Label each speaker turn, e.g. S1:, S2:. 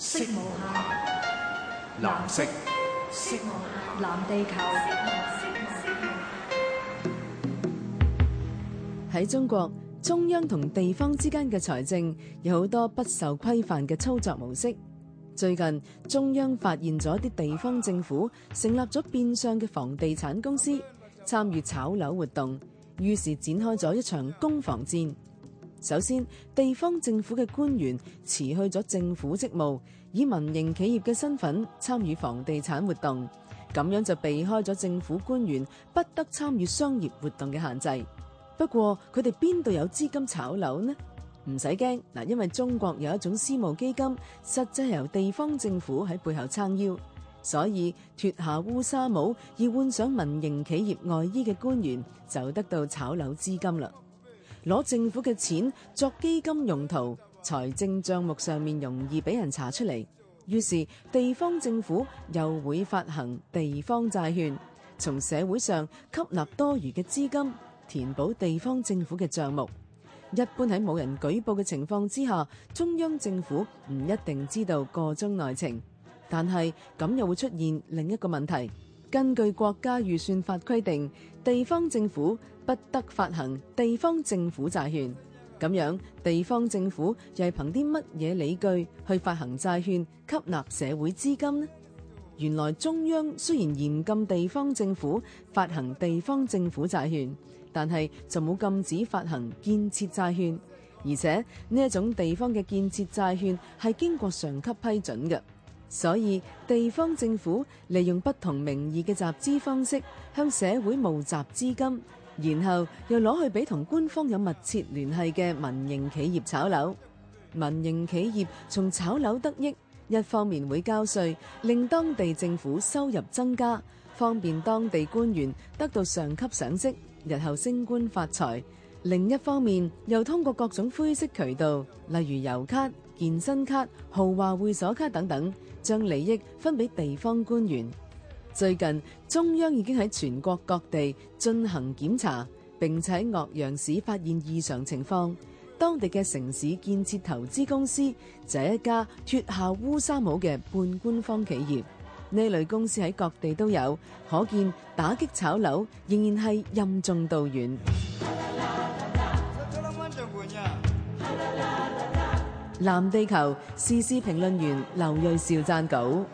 S1: 色無限，藍色，色無限，藍地球。喺中國，中央同地方之間嘅財政有好多不受規範嘅操作模式。最近，中央發現咗一啲地方政府成立咗變相嘅房地產公司，參與炒樓活動，於是展開咗一場攻防戰。首先，地方政府嘅官員辭去咗政府職務，以民營企業嘅身份參與房地產活動，咁樣就避開咗政府官員不得參與商業活動嘅限制。不過佢哋邊度有資金炒樓呢？唔使驚，嗱，因為中國有一種私募基金，實際由地方政府喺背後撐腰，所以脫下烏紗帽而換上民營企業外衣嘅官員就得到炒樓資金啦。攞政府嘅錢作基金用途，財政帳目上面容易俾人查出嚟。於是地方政府又會發行地方債券，從社會上吸納多餘嘅資金，填補地方政府嘅帳目。一般喺冇人舉報嘅情況之下，中央政府唔一定知道個中內情，但係咁又會出現另一個問題。根據國家預算法規定，地方政府不得發行地方政府債券。咁樣，地方政府又係憑啲乜嘢理據去發行債券，吸納社會資金呢？原來中央雖然嚴禁地方政府發行地方政府債券，但係就冇禁止發行建設債券，而且呢一種地方嘅建設債券係經過上級批准嘅。所以地方政府利用不同名義嘅集資方式，向社會募集資金，然後又攞去俾同官方有密切聯繫嘅民營企業炒樓。民營企業從炒樓得益，一方面會交稅，令當地政府收入增加，方便當地官員得到上級賞識，日後升官發財。另一方面，又通過各種灰色渠道，例如油卡、健身卡、豪華會所卡等等，將利益分俾地方官員。最近中央已經喺全國各地進行檢查，並且喺岳陽市發現異常情況。當地嘅城市建設投資公司，這、就係、一家脫下烏紗帽嘅半官方企業，呢類公司喺各地都有，可見打擊炒樓仍然係任重道遠。藍地球時事評論員劉銳紹讚稿。